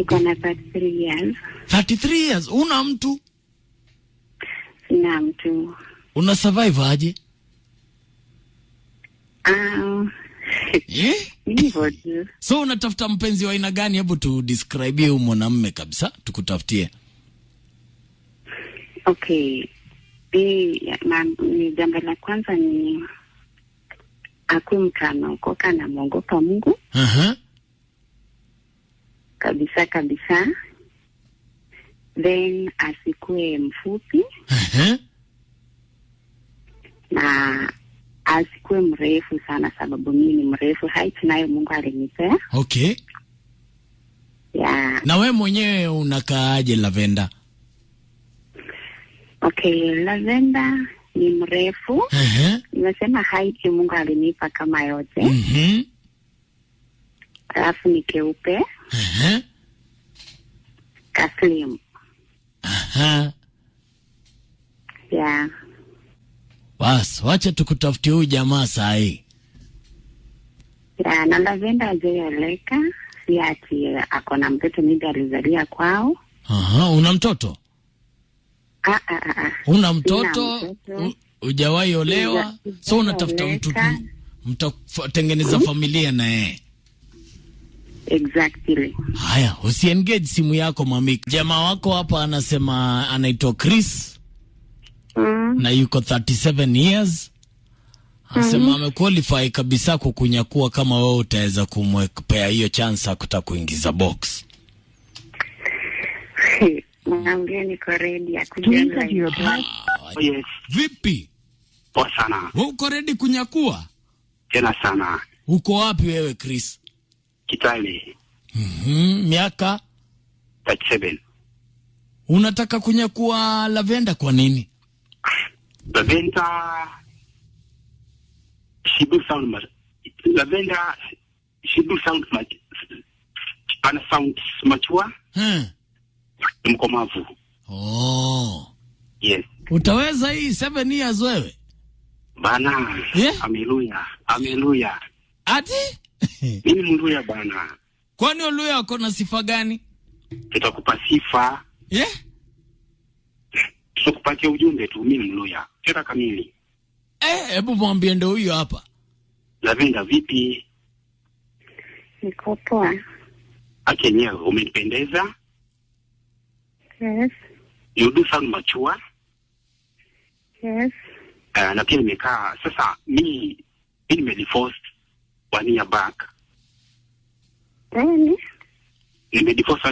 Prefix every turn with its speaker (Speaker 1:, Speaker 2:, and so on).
Speaker 1: Niko na 33 years.
Speaker 2: 33 years una mtu?
Speaker 1: Sina mtu.
Speaker 2: Una survive aje?
Speaker 1: Um, yeah?
Speaker 2: So unatafuta mpenzi wa aina gani? Hebu tu describe huyu mwanamume kabisa tukutafutie.
Speaker 1: Okay. Bi, ma, ni jambo la kwanza ni akuwe mtu na mwogopa Mungu. Uh -huh kabisa kabisa, then asikue mfupi uh-huh. na asikue mrefu sana, sababu mimi ni mrefu, height nayo Mungu alinipea. Okay. Yeah.
Speaker 2: Na we mwenyewe unakaaje Lavenda?
Speaker 1: Okay, Lavenda ni mrefu uh -huh. Nimesema height Mungu alinipa kama yote, uh mhm. -huh. Alafu ni keupe uh -huh ka selemo
Speaker 2: aha yeah. Bas, wacha tukutafutie huyu jamaa saa hii
Speaker 1: yeah, nalavenda ajeeleka si ati ako na mtoto mimi alizalia kwao.
Speaker 2: Aha, una mtoto?
Speaker 1: Ah, ah, ah. ah.
Speaker 2: Una mtoto hujawahi olewa, so unatafuta mtu mtatengeneza familia na yeye
Speaker 1: Exactly.
Speaker 2: Haya, usiengage simu yako mwamiki. Jamaa wako hapa anasema anaitwa Chris mm. na yuko 37 years anasema mm -hmm. amequalify kabisa kukunyakua kama wewe utaweza kumwepea hiyo chance akuta kuingiza box ah, oh, Vipi? Poa sana. Wewe uko ready kunyakua?
Speaker 3: Tena sana.
Speaker 2: Uko wapi wewe Chris?
Speaker 3: Kitale.
Speaker 2: mm-hmm. miaka thirty seven. unataka kunyakua lavenda kwa nini
Speaker 3: lavenda Shibu sound ma lavenda Shibu sound ma ana sound machua hmm. mkomavu
Speaker 2: oh yes utaweza hii seven years wewe
Speaker 3: bana yeah? Eh? haleluya haleluya ati mimi Mluya bwana.
Speaker 2: Kwani Uluya wako na sifa gani?
Speaker 3: Tutakupa sifa yeah? Tutakupatia ujumbe tu, mimi Mluya tena kamili.
Speaker 2: Eh, hebu eh, mwambie ndo huyo hapa.
Speaker 3: Lavenda, vipi?
Speaker 1: Niko poa.
Speaker 3: Akenyewe umenipendeza. Yes. Yudusa machua. Yes. Uh, na pia nimekaa sasa, mimi mimi nimeliforce one year back. Nini? Nimejifosa